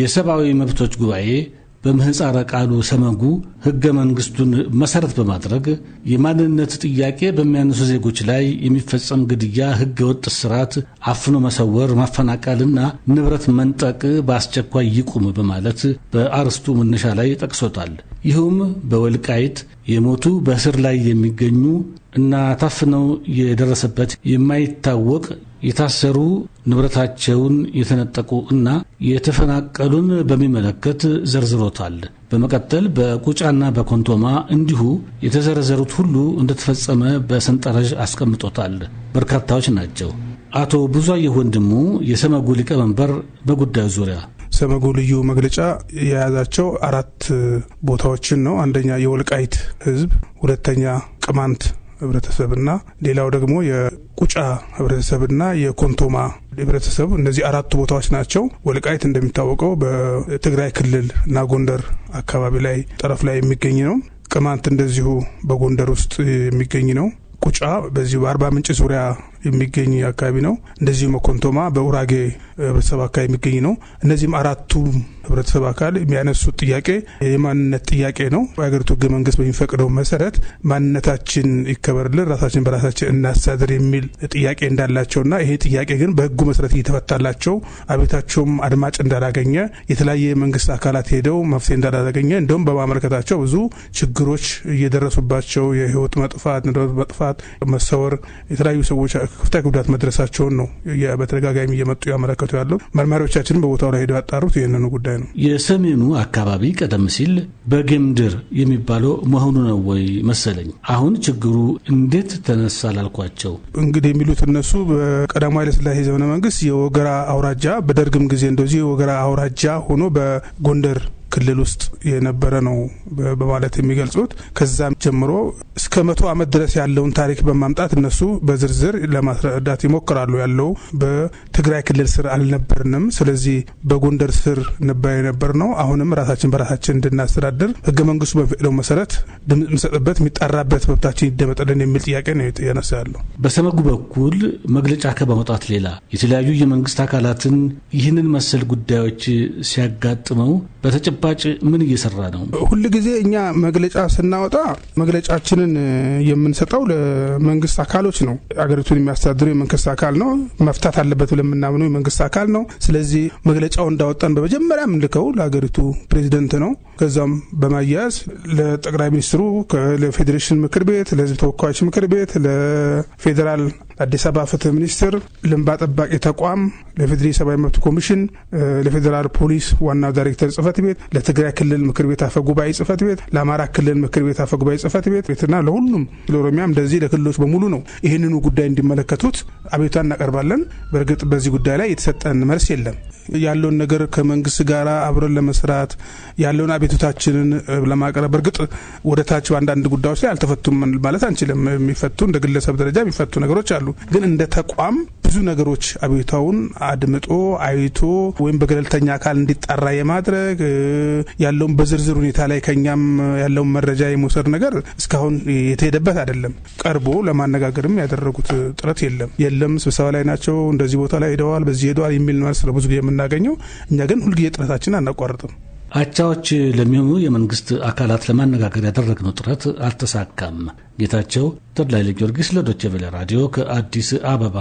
የሰብአዊ መብቶች ጉባኤ በምህፃረ ቃሉ ሰመጉ ህገ መንግስቱን መሰረት በማድረግ የማንነት ጥያቄ በሚያነሱ ዜጎች ላይ የሚፈጸም ግድያ፣ ህገ ወጥ ስርዓት፣ አፍኖ መሰወር፣ ማፈናቀልና ንብረት መንጠቅ በአስቸኳይ ይቁም በማለት በአርስቱ መነሻ ላይ ጠቅሶታል። ይህም በወልቃይት የሞቱ በእስር ላይ የሚገኙ እና ታፍነው የደረሰበት የማይታወቅ የታሰሩ ንብረታቸውን የተነጠቁ እና የተፈናቀሉን በሚመለከት ዘርዝሮታል። በመቀጠል በቁጫና በኮንቶማ እንዲሁ የተዘረዘሩት ሁሉ እንደተፈጸመ በሰንጠረዥ አስቀምጦታል። በርካታዎች ናቸው። አቶ ብዙአየሁ ወንድሙ የሰመጉ ሊቀመንበር በጉዳዩ ዙሪያ ሰመጉ ልዩ መግለጫ የያዛቸው አራት ቦታዎችን ነው። አንደኛ የወልቃይት ህዝብ ሁለተኛ ቅማንት ህብረተሰብና ሌላው ደግሞ የቁጫ ህብረተሰብና የኮንቶማ ህብረተሰብ እነዚህ አራቱ ቦታዎች ናቸው። ወልቃይት እንደሚታወቀው በትግራይ ክልል እና ጎንደር አካባቢ ላይ ጠረፍ ላይ የሚገኝ ነው። ቅማንት እንደዚሁ በጎንደር ውስጥ የሚገኝ ነው። ቁጫ በዚሁ በአርባ ምንጭ ዙሪያ የሚገኝ አካባቢ ነው። እንደዚሁ መኮንቶማ በኡራጌ ህብረተሰብ አካባቢ የሚገኝ ነው። እነዚህም አራቱ ህብረተሰብ አካል የሚያነሱት ጥያቄ የማንነት ጥያቄ ነው። የሀገሪቱ ህገ መንግስት በሚፈቅደው መሰረት ማንነታችን ይከበርልን፣ ራሳችን በራሳችን እናስተዳድር የሚል ጥያቄ እንዳላቸውና ይሄ ጥያቄ ግን በህጉ መሰረት እየተፈታላቸው አቤታቸውም አድማጭ እንዳላገኘ የተለያየ የመንግስት አካላት ሄደው መፍትሄ እንዳላገኘ እንደውም በማመልከታቸው ብዙ ችግሮች እየደረሱባቸው የህይወት መጥፋት፣ ንብረት መጥፋት፣ መሰወር የተለያዩ ሰዎች ከፍተኛ ጉዳት መድረሳቸውን ነው በተደጋጋሚ እየመጡ ያመለከቱ ያለው። መርማሪዎቻችንም በቦታው ላይ ሄደው ያጣሩት ይህንኑ ጉዳይ ነው። የሰሜኑ አካባቢ ቀደም ሲል በግምድር የሚባለው መሆኑ ነው ወይ መሰለኝ። አሁን ችግሩ እንዴት ተነሳ ላልኳቸው እንግዲህ የሚሉት እነሱ በቀዳማዊ ኃይለሥላሴ ዘመነ መንግስት የወገራ አውራጃ፣ በደርግም ጊዜ እንደዚህ የወገራ አውራጃ ሆኖ በጎንደር ክልል ውስጥ የነበረ ነው በማለት የሚገልጹት ከዛም ጀምሮ እስከ መቶ ዓመት ድረስ ያለውን ታሪክ በማምጣት እነሱ በዝርዝር ለማስረዳት ይሞክራሉ። ያለው በትግራይ ክልል ስር አልነበርንም፣ ስለዚህ በጎንደር ስር ነበር የነበር ነው። አሁንም ራሳችን በራሳችን እንድናስተዳድር ህገ መንግስቱ በፈቀደው መሰረት ድምጽ የምንሰጥበት የሚጠራበት መብታችን ይደመጠልን የሚል ጥያቄ ነው ያነሳ ያለው። በሰመጉ በኩል መግለጫ ከማውጣት ሌላ የተለያዩ የመንግስት አካላትን ይህንን መሰል ጉዳዮች ሲያጋጥመው በተጨ በተጨባጭ ምን እየሰራ ነው? ሁል ጊዜ እኛ መግለጫ ስናወጣ መግለጫችንን የምንሰጠው ለመንግስት አካሎች ነው። አገሪቱን የሚያስተዳድረው የመንግስት አካል ነው። መፍታት አለበት ብለን የምናምነው የመንግስት አካል ነው። ስለዚህ መግለጫው እንዳወጣን በመጀመሪያ የምንልከው ለሀገሪቱ ፕሬዚደንት ነው። ከዛም በማያያዝ ለጠቅላይ ሚኒስትሩ፣ ለፌዴሬሽን ምክር ቤት፣ ለህዝብ ተወካዮች ምክር ቤት፣ ለፌዴራል ለአዲስ አበባ ፍትህ ሚኒስቴር፣ ልንባ ጠባቂ ተቋም፣ ለፌዴሪ ሰብአዊ መብት ኮሚሽን፣ ለፌዴራል ፖሊስ ዋና ዳይሬክተር ጽህፈት ቤት፣ ለትግራይ ክልል ምክር ቤት አፈ ጉባኤ ጽህፈት ቤት፣ ለአማራ ክልል ምክር ቤት አፈ ጉባኤ ጽህፈት ቤት ቤትና ለሁሉም ለኦሮሚያም እንደዚህ ለክልሎች በሙሉ ነው። ይህንኑ ጉዳይ እንዲመለከቱት አቤቷ እናቀርባለን። በእርግጥ በዚህ ጉዳይ ላይ የተሰጠን መልስ የለም። ያለውን ነገር ከመንግስት ጋር አብረን ለመስራት ያለውን አቤቱታችንን ለማቅረብ በእርግጥ ወደ ታች በአንዳንድ ጉዳዮች ላይ አልተፈቱም ማለት አንችልም። የሚፈቱ እንደ ግለሰብ ደረጃ የሚፈቱ ነገሮች አሉ። ግን እንደ ተቋም ብዙ ነገሮች አቤቱታውን አድምጦ አይቶ ወይም በገለልተኛ አካል እንዲጣራ የማድረግ ያለውን በዝርዝር ሁኔታ ላይ ከኛም ያለውን መረጃ የመውሰድ ነገር እስካሁን የተሄደበት አይደለም። ቀርቦ ለማነጋገርም ያደረጉት ጥረት የለም። የለም ስብሰባ ላይ ናቸው፣ እንደዚህ ቦታ ላይ ሄደዋል፣ በዚህ ሄደዋል የሚል መልስ ነው ብዙ ጊዜ የምናገኘው። እኛ ግን ሁልጊዜ ጥረታችን አናቋርጥም። አቻዎች ለሚሆኑ የመንግስት አካላት ለማነጋገር ያደረግነው ጥረት አልተሳካም። ጌታቸው ተድላይ ለጊዮርጊስ ለዶቼ ቬለ ራዲዮ ከአዲስ አበባ